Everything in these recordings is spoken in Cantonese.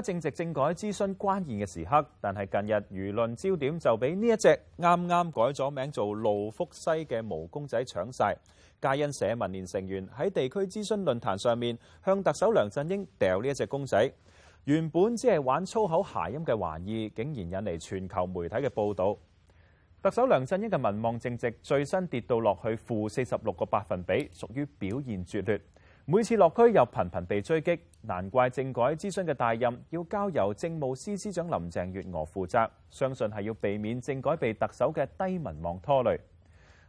正值政，政改諮詢關鍵嘅時刻，但係近日輿論焦點就俾呢一隻啱啱改咗名做路姆西嘅毛公仔搶晒。皆因社民連成員喺地區諮詢論壇上面向特首梁振英掉呢一隻公仔，原本只係玩粗口諧音嘅玩意，竟然引嚟全球媒體嘅報導。特首梁振英嘅民望淨值最新跌到落去負四十六個百分比，屬於表現絕劣。每次落區又頻頻被追擊，難怪政改諮詢嘅大任要交由政務司司,司長林鄭月娥負責，相信係要避免政改被特首嘅低民望拖累。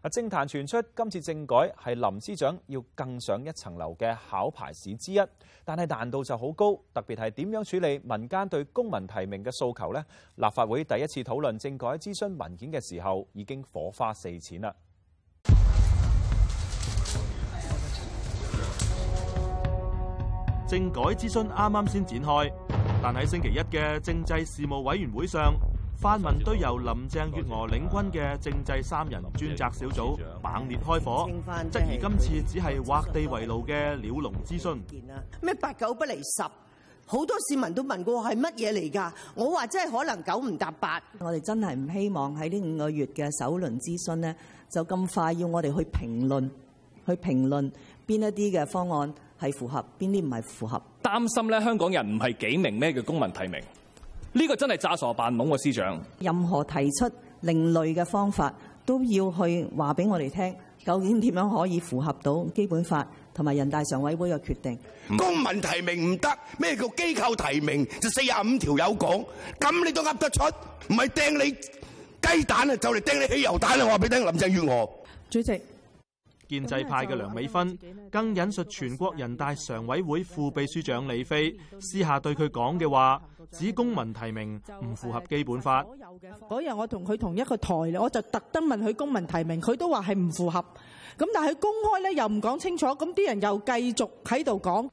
政壇傳出今次政改係林司長要更上一層樓嘅考牌史之一，但係難度就好高，特別係點樣處理民間對公民提名嘅訴求呢？立法會第一次討論政改諮詢文件嘅時候，已經火花四濺啦。政改諮詢啱啱先展開，但喺星期一嘅政制事務委員會上，泛民都由林鄭月娥領軍嘅政制三人專責小組猛烈開火，質疑今次只係劃地為牢嘅鳥籠諮詢。咩八九不離十？好多市民都問過係乜嘢嚟㗎？我話真係可能九唔搭八。我哋真係唔希望喺呢五個月嘅首輪諮詢呢，就咁快要我哋去評論，去評論。邊一啲嘅方案係符合，邊啲唔係符合？擔心咧，香港人唔係幾明咩叫公民提名？呢個真係詐傻扮懵喎，司長。任何提出另類嘅方法，都要去話俾我哋聽，究竟點樣可以符合到基本法同埋人大常委會嘅決定？公民提名唔得，咩叫機構提名？就四十五條有講，咁你都呃得出？唔係掟你雞蛋啊，就嚟掟你汽油彈啊！我話俾你聽，林鄭月娥，主席。建制派嘅梁美芬更引述全國人大常委會副秘書長李飛私下對佢講嘅話，指公民提名唔符合基本法。所有嘅嗰日我同佢同一個台，我就特登問佢公民提名，佢都話係唔符合。咁但係佢公開咧又唔講清楚，咁啲人又繼續喺度講。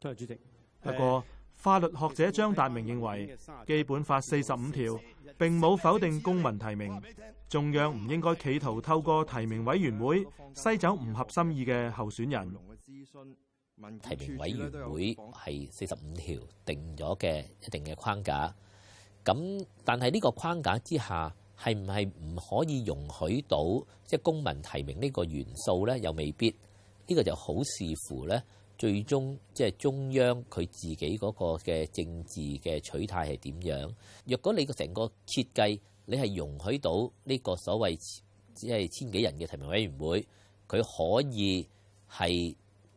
不過法律學者張達明認為，基本法四十五條並冇否定公民提名。中央唔應該企圖透過提名委員會篩走唔合心意嘅候選人。提名委員會係四十五條定咗嘅一定嘅框架。咁，但係呢個框架之下係唔係唔可以容許到即係公民提名呢個元素呢？又未必，呢個就好視乎咧。最終即係中央佢自己嗰個嘅政治嘅取態係點樣？若果你個成個設計。你係容許到呢個所謂只係千幾人嘅提名委員會，佢可以係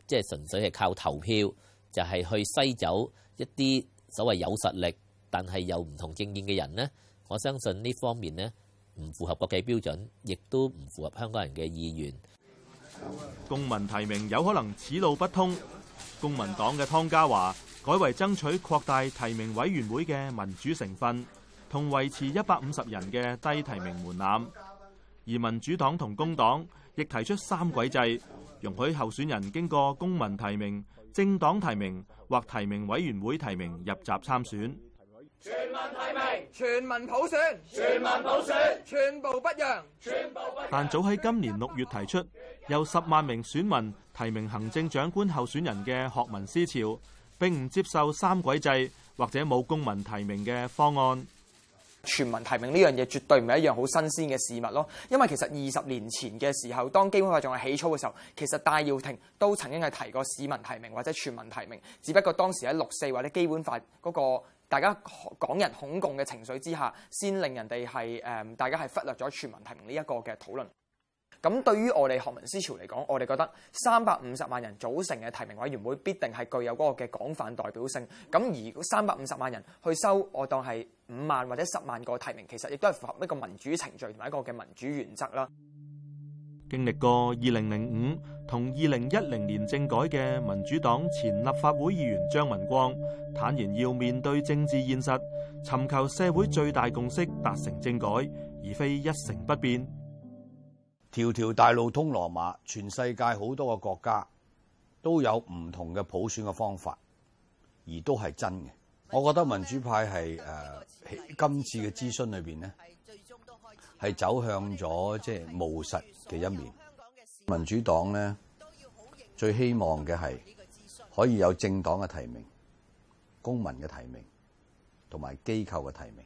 即係純粹係靠投票，就係去篩走一啲所謂有實力但係又唔同政見嘅人呢。我相信呢方面呢唔符合國際標準，亦都唔符合香港人嘅意願。公民提名有可能此路不通，公民黨嘅湯家驊改為爭取擴大提名委員會嘅民主成分。同維持一百五十人嘅低提名門檻，而民主黨同工黨亦提出三軌制，容許候選人經過公民提名、政黨提名或提名委員會提名入閘參選。全民提名、全民普選、全民普選、全部不讓、全部不讓。但早喺今年六月提出由十萬名選民提名行政長官候選人嘅學民思潮，並唔接受三軌制或者冇公民提名嘅方案。全民提名呢樣嘢絕對唔係一樣好新鮮嘅事物咯，因為其實二十年前嘅時候，當基本法仲係起草嘅時候，其實戴耀廷都曾經係提過市民提名或者全民提名，只不過當時喺六四或者基本法嗰個大家港人恐共嘅情緒之下，先令人哋係誒大家係忽略咗全民提名呢一個嘅討論。咁對於我哋學民思潮嚟講，我哋覺得三百五十萬人組成嘅提名委員會必定係具有嗰個嘅廣泛代表性。咁而三百五十萬人去收，我當係五萬或者十萬個提名，其實亦都係符合一個民主程序同埋一個嘅民主原則啦。經歷過二零零五同二零一零年政改嘅民主黨前立法會議員張文光坦言，要面對政治現實，尋求社會最大共識，達成政改，而非一成不變。條條大路通羅馬，全世界好多個國家都有唔同嘅普選嘅方法，而都係真嘅。我覺得民主派係誒今次嘅諮詢裏邊咧，係走向咗即係務實嘅一面。民主黨咧，最希望嘅係可以有政黨嘅提名、公民嘅提名同埋機構嘅提名，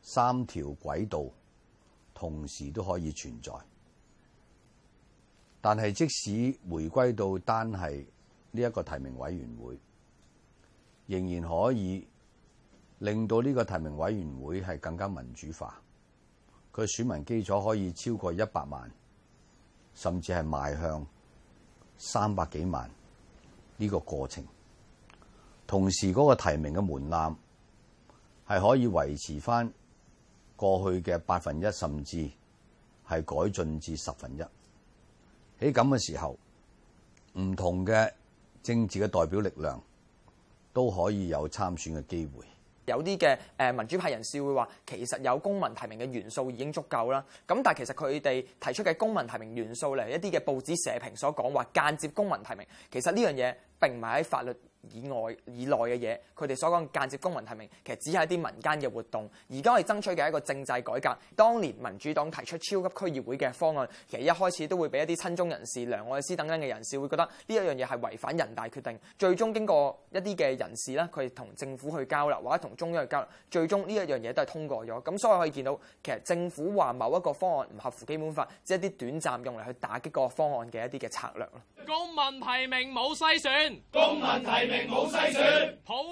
三條軌道同時都可以存在。但係即使回歸到單係呢一個提名委員會仍然可以令到呢個提名委員會係更加民主化。佢選民基礎可以超過一百萬，甚至係邁向三百幾萬呢個過程。同時嗰個提名嘅門檻係可以維持翻過去嘅百分一，甚至係改進至十分一。喺咁嘅時候，唔同嘅政治嘅代表力量都可以有參選嘅機會。有啲嘅誒民主派人士會話，其實有公民提名嘅元素已經足夠啦。咁但係其實佢哋提出嘅公民提名元素嚟，一啲嘅報紙社評所講話間接公民提名，其實呢樣嘢並唔係喺法律以外、以內嘅嘢，佢哋所講間接公民提名，其實只係一啲民間嘅活動。而家我哋爭取嘅一個政制改革，當年民主黨提出超級區議會嘅方案，其實一開始都會俾一啲親中人士、梁愛詩等等嘅人士會覺得呢一樣嘢係違反人大決定。最終經過一啲嘅人士呢，佢哋同政府去交流，或者同中央去交流，最終呢一樣嘢都係通過咗。咁所以可以見到，其實政府話某一個方案唔合乎基本法，即係一啲短暫用嚟去打擊嗰個方案嘅一啲嘅策略。公民提名冇篩選，公民提名。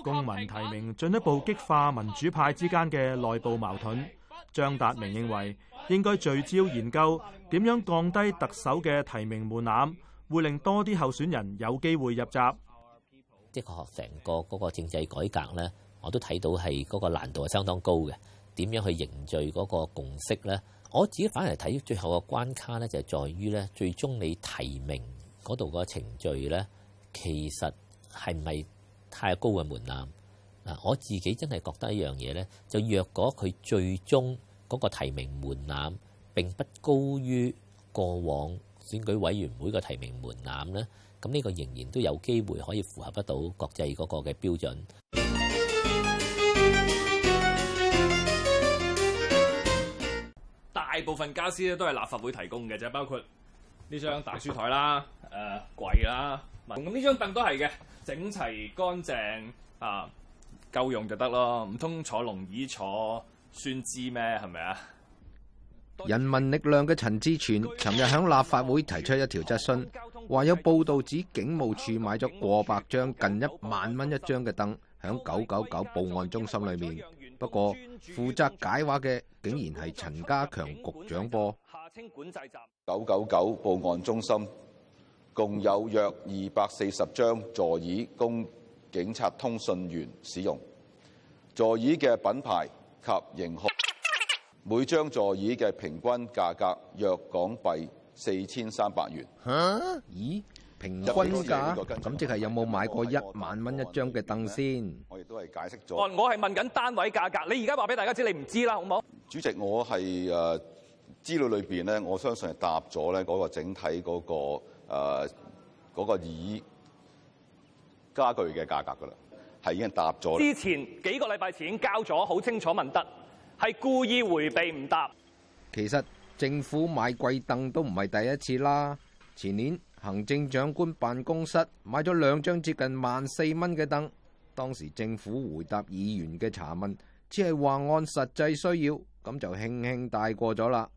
公民提名進一步激化民主派之間嘅內部矛盾。張達明認為應該聚焦研究點樣降低特首嘅提名門檻，會令多啲候選人有機會入閘。的確，成個個政制改革呢，我都睇到係嗰個難度係相當高嘅。點樣去凝聚嗰個共識呢？我自己反而睇，最後嘅關卡呢，就係在於呢最終你提名嗰度個程序呢，其實。係唔係太高嘅門檻？嗱，我自己真係覺得一樣嘢呢，就若果佢最終嗰個提名門檻並不高於過往選舉委員會嘅提名門檻呢，咁呢個仍然都有機會可以符合得到國際嗰個嘅標準。大部分家私咧都係立法會提供嘅，就包括。呢張大書枱啦、啊，誒櫃啦，咁呢張凳都係嘅，整齊乾淨啊，夠用就得咯。唔通坐龍椅坐酸枝咩？係咪啊？人民力量嘅陳志全尋日喺立法會提出一條質詢，話有報道指警務處買咗過百張近一萬蚊一張嘅凳，喺九九九報案中心裏面。不過負責解畫嘅竟然係陳家強局長噃。九九九報案中心共有約二百四十張座椅供警察通訊員使用，座椅嘅品牌及型號，每張座椅嘅平均價格約港幣四千三百元。吓、啊？咦？平均價？咁即係有冇買過一萬蚊一張嘅凳先？我亦都係解釋咗。我我係問緊單位價格，你而家話俾大家知，你唔知啦，好冇？主席，我是，我係誒。資料裏邊呢，我相信係答咗咧嗰個整體嗰個誒嗰個椅傢俱嘅價格噶啦，係已經答咗。之前幾個禮拜前已經交咗，好清楚，問得係故意回避唔答。其實政府買貴凳都唔係第一次啦。前年行政長官辦公室買咗兩張接近萬四蚊嘅凳，當時政府回答議員嘅查問，只係話按實際需要，咁就輕輕帶過咗啦。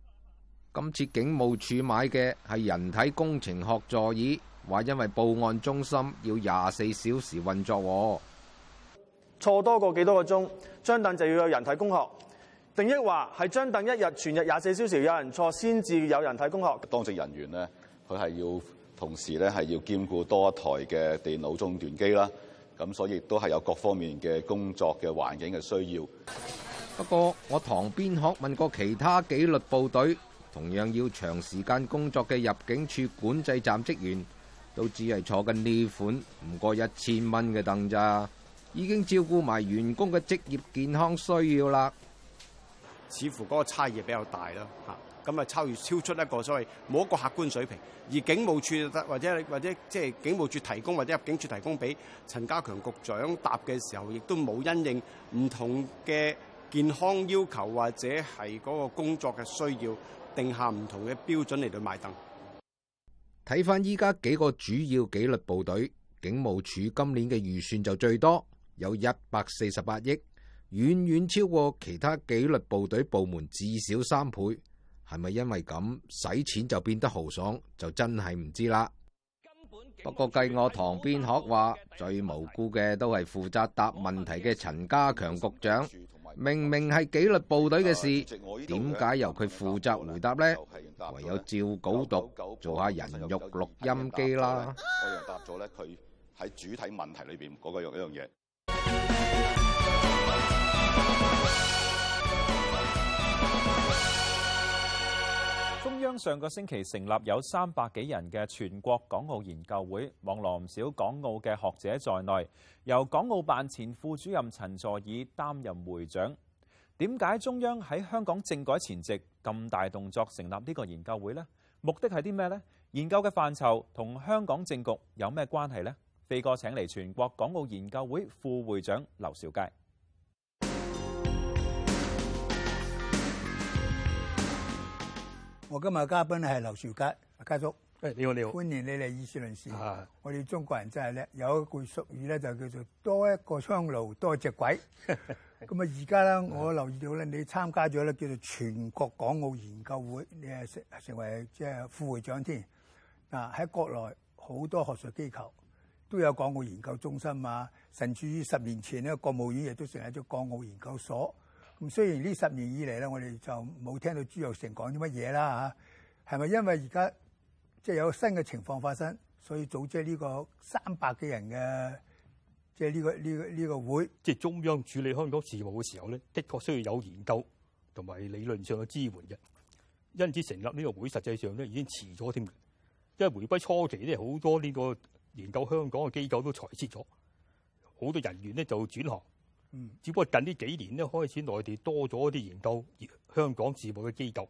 今次警務處買嘅係人體工程學座椅，話因為報案中心要廿四小時運作，坐多過幾多個鐘，張凳就要有人體工學。定抑話係張凳一日全日廿四小時有人坐，先至有人體工學。當值人員呢，佢係要同時咧係要兼顧多台嘅電腦終端機啦，咁所以都係有各方面嘅工作嘅環境嘅需要。不過我堂邊鶴問過其他紀律部隊。同樣要長時間工作嘅入境處管制站職員都只係坐緊呢款唔過一千蚊嘅凳咋，已經照顧埋員工嘅職業健康需要啦。似乎嗰個差異比較大咯，嚇咁啊，超越超出一個，所謂冇一個客觀水平。而警務處或者或者即係警務處提供或者入境處提供俾陳家強局長答嘅時候，亦都冇因應唔同嘅健康要求或者係嗰個工作嘅需要。定下唔同嘅標準嚟買凳。睇翻依家幾個主要紀律部隊，警務處今年嘅預算就最多有一百四十八億，遠遠超過其他紀律部隊部門至少三倍。係咪因為咁使錢就變得豪爽，就真係唔知啦。不過計我堂邊鶴話，最無辜嘅都係負責答問題嘅陳家強局長。明明係紀律部隊嘅事，點解由佢負責回答咧？唯有照稿讀，做下人肉錄音機啦。我又答咗咧，佢喺主體問題裏邊嗰個樣一樣嘢。將上個星期成立有三百幾人嘅全國港澳研究會，網羅唔少港澳嘅學者在內，由港澳辦前副主任陳佐洱擔任會長。點解中央喺香港政改前夕咁大動作成立呢個研究會呢？目的係啲咩呢？研究嘅範疇同香港政局有咩關係呢？飛哥請嚟全國港澳研究會副會長劉兆佳。我今日嘅嘉賓咧係劉兆佳，嘉叔、哎，你好，你好，歡迎你嚟議事論事。吓啊、我哋中國人真係叻，有一句俗語咧就叫做多一個香爐多一隻鬼。咁啊而家咧，我留意到咧，你參加咗咧叫做全國港澳研究會，誒成成為即係副會長添。嗱，喺國內好多學術機構都有港澳研究中心啊，嗯、甚至於十年前咧，國務院亦都成立咗港澳研究所。咁雖然呢十年以嚟咧，我哋就冇聽到朱玉成講啲乜嘢啦吓，係咪因為而家即係有新嘅情況發生，所以組織呢個三百幾人嘅即係呢個呢個呢個會，即係中央處理香港事務嘅時候咧，的確需要有研究同埋理論上嘅支援嘅，因此成立呢個會實際上咧已經遲咗添，因為回歸初期咧好多呢個研究香港嘅機構都裁撤咗，好多人員咧就轉行。只不過近呢幾年咧，開始內地多咗一啲研究香港事務嘅機構，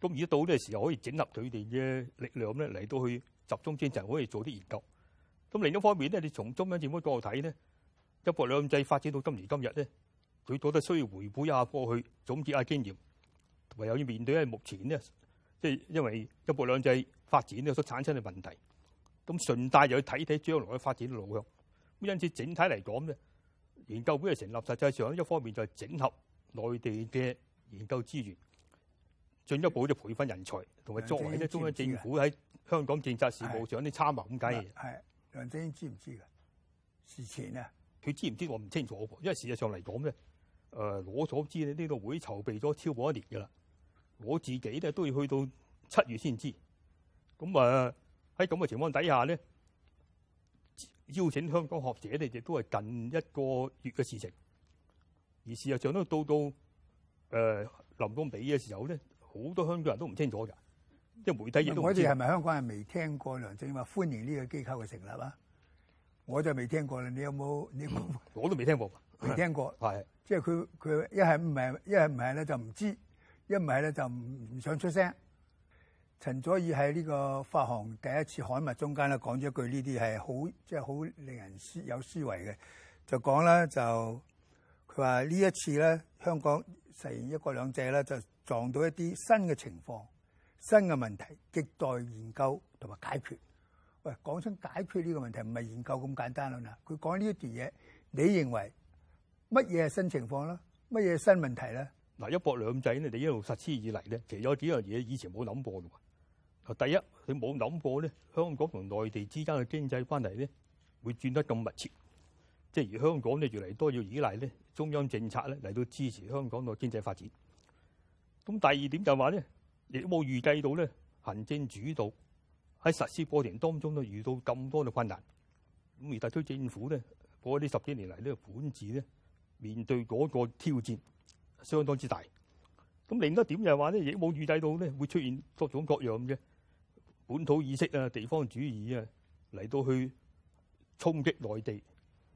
咁而家到呢時候可以整合佢哋嘅力量咧嚟到去集中精神可以做啲研究。咁另一方面咧，你從中央政府角度睇咧，一國兩制發展到今時今日咧，佢覺得需要回顧一下過去，總結下經驗，唯有要面對一目前呢即係因為一國兩制發展咧所產生嘅問題，咁順帶又去睇睇將來嘅發展嘅路向。咁因此整體嚟講咧。研究會嘅成立，實際上一方面就係整合內地嘅研究資源，進一步啲培訓人才，同埋作為咧中央政府喺香港政策事務上啲參謀咁解。係梁振英知唔知嘅事前啊？佢知唔知我唔清楚，因為事實上嚟講咧，誒我所知咧呢個會籌備咗超過一年㗎喇，我自己咧都要去到七月先知。咁啊喺咁嘅情況底下咧。邀請香港學者哋亦都係近一個月嘅事情，而事實上都到到誒、呃、臨到尾嘅時候咧，好多香港人都唔清楚㗎，即係媒體亦我哋係咪香港人未聽過梁振英話歡迎呢個機構嘅成立啊？我就未聽過啦，你有冇？你有有我都未聽過，未聽過，係 是即係佢佢一係唔係一係唔係咧就唔知，一唔係咧就唔唔想出聲。陳佐洱喺呢個發行第一次刊物中間咧講咗一句呢啲係好即係好令人思有思維嘅，就講咧就佢話呢一次咧香港實現一國兩制咧就撞到一啲新嘅情況、新嘅問題，亟待研究同埋解決。喂，講真解決呢個問題唔係研究咁簡單啦嗱。佢講呢一段嘢，你認為乜嘢係新情況啦？乜嘢係新問題咧？嗱，一國兩制咧，你一路實施以嚟咧，其實有幾樣嘢以前冇諗過嘅。第一，佢冇諗過咧，香港同內地之間嘅經濟關係咧，會轉得咁密切。即係而香港咧越嚟越多要依賴咧中央政策咧嚟到支持香港嘅經濟發展。咁第二點就係話咧，亦冇預計到咧行政主導喺實施過程當中都遇到咁多嘅困難。咁而特區政府咧，過呢十幾年嚟咧管治咧，面對嗰個挑戰相當之大。咁另一點就係話咧，亦冇預計到咧會出現各種各樣嘅，本土意識啊，地方主義啊，嚟到去衝擊內地，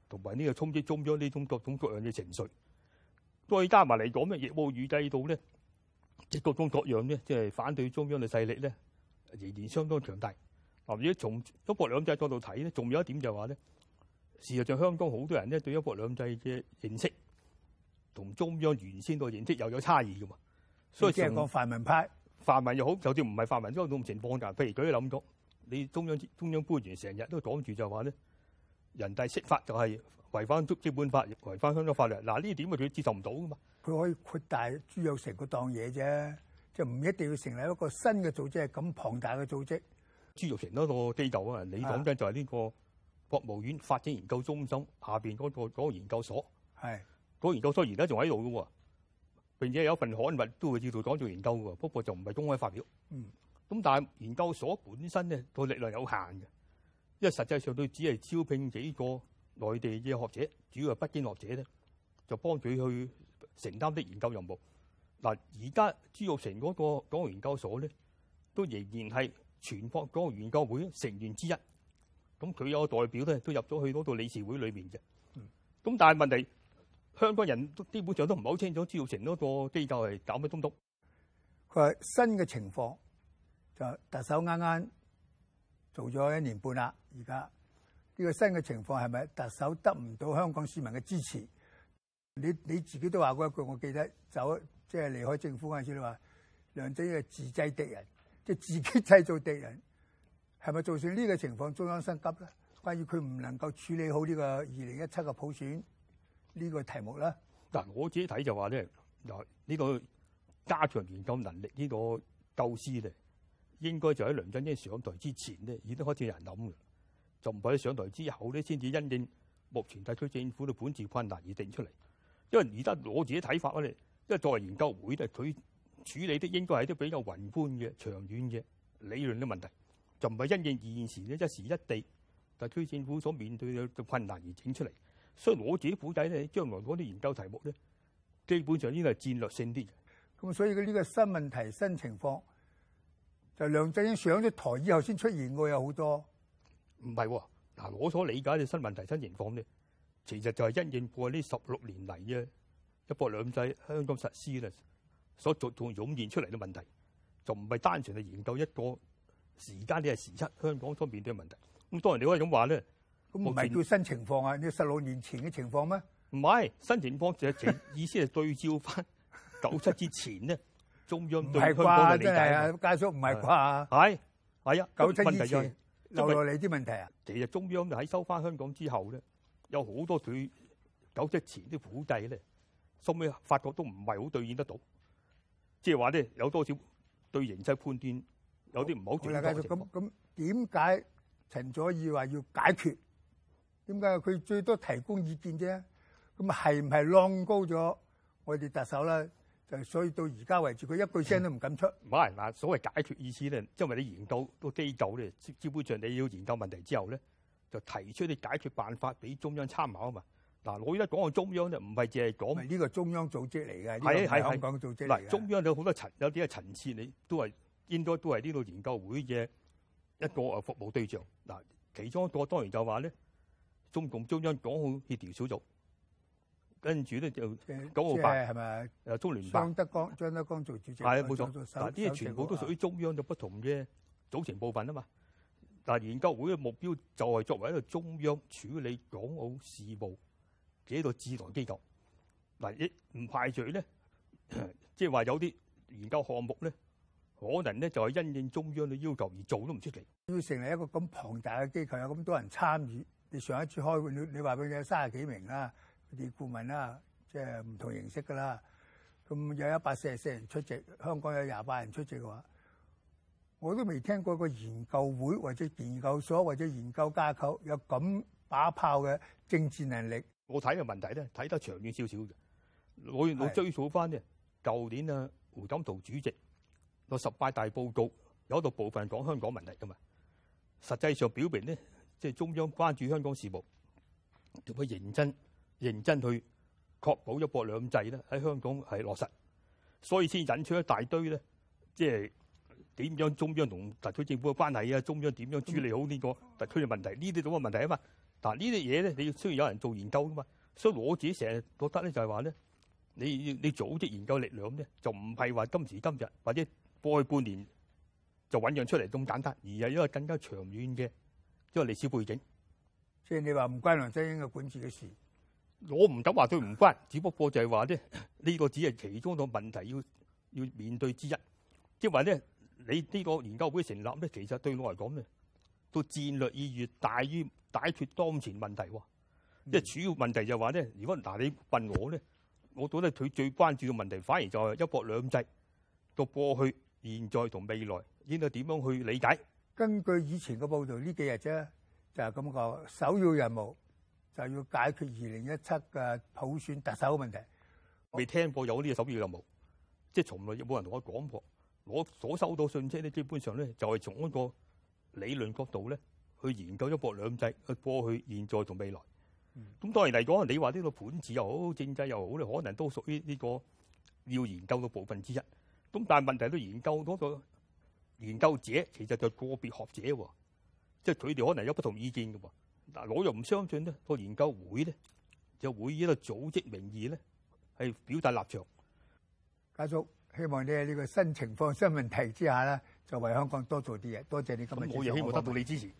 同埋呢個衝擊中央呢種各種各樣嘅情緒，再加埋嚟講咧，亦冇預計到咧，即各種各樣咧，即係反對中央嘅勢力咧，仍然相當強大。嗱，如果從一國兩制角度睇咧，仲有一點就係話咧，事實上香港好多人咧對一國兩制嘅認識，同中央原先個認識又有，有差異嘅嘛，所以先係講泛民派。泛民又好，就算唔係泛民都咁情況㗎。譬如佢諗咗，你中央中央官員成日都講住就係話咧，人大釋法就係違反《足基本法》，違反香港法律。啊，嗱呢點佢接受唔到噶嘛？佢可以擴大朱玉成嗰檔嘢啫，就唔一定要成立一個新嘅組織係咁龐大嘅組織。組織朱玉成嗰個機構啊，你講緊就係呢個國務院發展研究中心下邊嗰、嗰個嗰個研究所。係嘅。嗰個研究所而家仲喺度㗎喎。並且有一份刊物都會叫做講做研究㗎，不過就唔係公開發表。嗯，咁但係研究所本身咧，個力量有限嘅，因為實際上都只係招聘幾個內地嘅學者，主要係北京學者咧，就幫佢去承擔啲研究任務。嗱，而家朱玉成嗰個嗰個研究所咧，都仍然係全國嗰個研究會成員之一。咁佢有個代表咧，都入咗去嗰個理事會裏面嘅。嗯，咁但係問題。香港人都基本上都唔係好清楚，朱耀成嗰個機構係搞咩東東。佢係新嘅情況，就特首啱啱做咗一年半啦。而家呢個新嘅情況，係咪特首得唔到香港市民嘅支持？你你自己都話過一句，我記得走即係離開政府嗰陣時你話梁振英係自製敵人，即係自己製造敵人。係咪造成呢個情況中央心急咧？關於佢唔能夠處理好呢個二零一七嘅普選。呢個題目咧，嗱、啊、我自己睇就話咧，嗱、這、呢個加強研究能力呢、這個構思咧，應該就喺梁振英上台之前咧，已經開始有人諗嘅，就唔係喺上台之後咧先至因應目前特區政府嘅本質困難而定出嚟。因為而家我自己睇法咧，因為作為研究會咧，佢處理的應該係啲比較宏觀嘅、長遠嘅理論嘅問題，就唔係因應現時咧一時一地特區政府所面對嘅困難而整出嚟。所以我自己估計咧，將來嗰啲研究題目咧，基本上應該係戰略性啲嘅。咁所以佢呢個新問題、新情況，就梁振英上咗台以後先出現過，有好多。唔係、哦，嗱我所理解嘅新問題、新情況咧，其實就係因應過呢十六年嚟啫，一國兩制香港實施啦，所逐漸湧現出嚟嘅問題，就唔係單純係研究一個時間嘅時差，香港所面對嘅問題。咁當然你可以咁話咧。唔係叫新情況啊！你十六年前嘅情況咩？唔係新情況，就係 意思係對照翻九七之前呢。中央唔佢，啩？真係啊，佳叔唔係啩？係係啊，九七之前，仲有冇你啲問題啊、就是？其實中央喺收翻香港之後咧，有好多對九七前啲苦債咧，收尾發覺都唔係好兌現得到，即係話咧有多少對形勢判斷我有啲唔好。咁咁點解陳佐洱話要解決？點解？佢最多提供意見啫。咁係唔係浪高咗？我哋特首咧，就所以到而家為止，佢一句聲都唔敢出、嗯。冇人話所謂解決意思咧，因為你研究個機構咧，基本上你要研究問題之後咧，就提出啲解決辦法俾中央參考啊嘛。嗱、啊，我而家講到中央咧，唔係淨係講呢個中央組織嚟嘅，係係係香港組織嚟嘅、啊。中央有好多層，有啲啊層次，你都係應該都係呢個研究會嘅一個啊服務對象。嗱、啊，其中一個當然就話咧。中共中央港澳協調小組，跟住咧就九號八係咪？誒中聯辦德光，張德江張德江做主席。係啊，冇錯。嗱，呢啲全部都屬於中央嘅不同嘅組成部分啊嘛。但係研究會嘅目標就係作為一個中央處理港澳事務嘅一個智囊機構。嗱、嗯，亦唔排除咧，即係話有啲研究項目咧，可能咧就係因應中央嘅要求而做都唔出奇。要成立一個咁龐大嘅機構，有咁多人參與。你上一次開會，你你話俾佢有三十幾名啦，啲顧問啦，即係唔同形式噶啦。咁有一百四十四人出席，香港有廿八人出席嘅話，我都未聽過個研究會或者研究所或者研究架構有咁把炮嘅政治能力。我睇嘅問題咧，睇得長遠少少嘅。我我追溯翻啫，舊是年啊，胡錦濤主席個十八大報告有一個部分講香港問題㗎嘛，實際上表明咧。即係中央關注香港事務，點解認真認真去確保一國兩制咧？喺香港係落實，所以先引出一大堆咧。即係點樣中央同特區政府嘅關係啊？中央點樣處理好呢個特區嘅問題？呢啲咁嘅問題啊嘛。嗱，呢啲嘢咧，你要雖然有人做研究噶嘛，所以我自己成日覺得咧，就係話咧，你你組織研究力量咧，就唔係話今時今日或者過去半年就醞釀出嚟咁簡單，而係一個更加長遠嘅。即係歷史背景，即係你話唔關梁振英嘅管治嘅事，我唔敢話對唔關，只不過就係話咧，呢、這個只係其中一個問題要要面對之一，即係話咧，你呢個研究會成立咧，其實對我嚟講咧，個戰略意義大於解決當前問題，即係、嗯、主要問題就係話咧，如果嗱你問我咧，我覺得佢最關注嘅問題反而就係一國兩制，個過去、現在同未來應該點樣去理解？根據以前嘅報道，呢幾日啫就係咁個首要任務，就要解決二零一七嘅普選特首嘅問題。未聽過有呢個首要任務，即係從來冇人同我講過。我所收到信息咧，基本上咧就係從一個理論角度咧去研究一國兩制，過去、現在同未來。咁、嗯、當然嚟講，你話呢個盤子又好，政制又好咧，可能都屬於呢個要研究嘅部分之一。咁但係問題都研究多咗。研究者其實就個別學者喎，即係佢哋可能有不同意見嘅喎。嗱，我又唔相信呢個研究會咧，就會以一個組織名義咧，係表達立場。家叔希望你喺呢個新情況、新問題之下咧，就為香港多做啲嘢。多謝你今日。咁我亦希望得到你支持。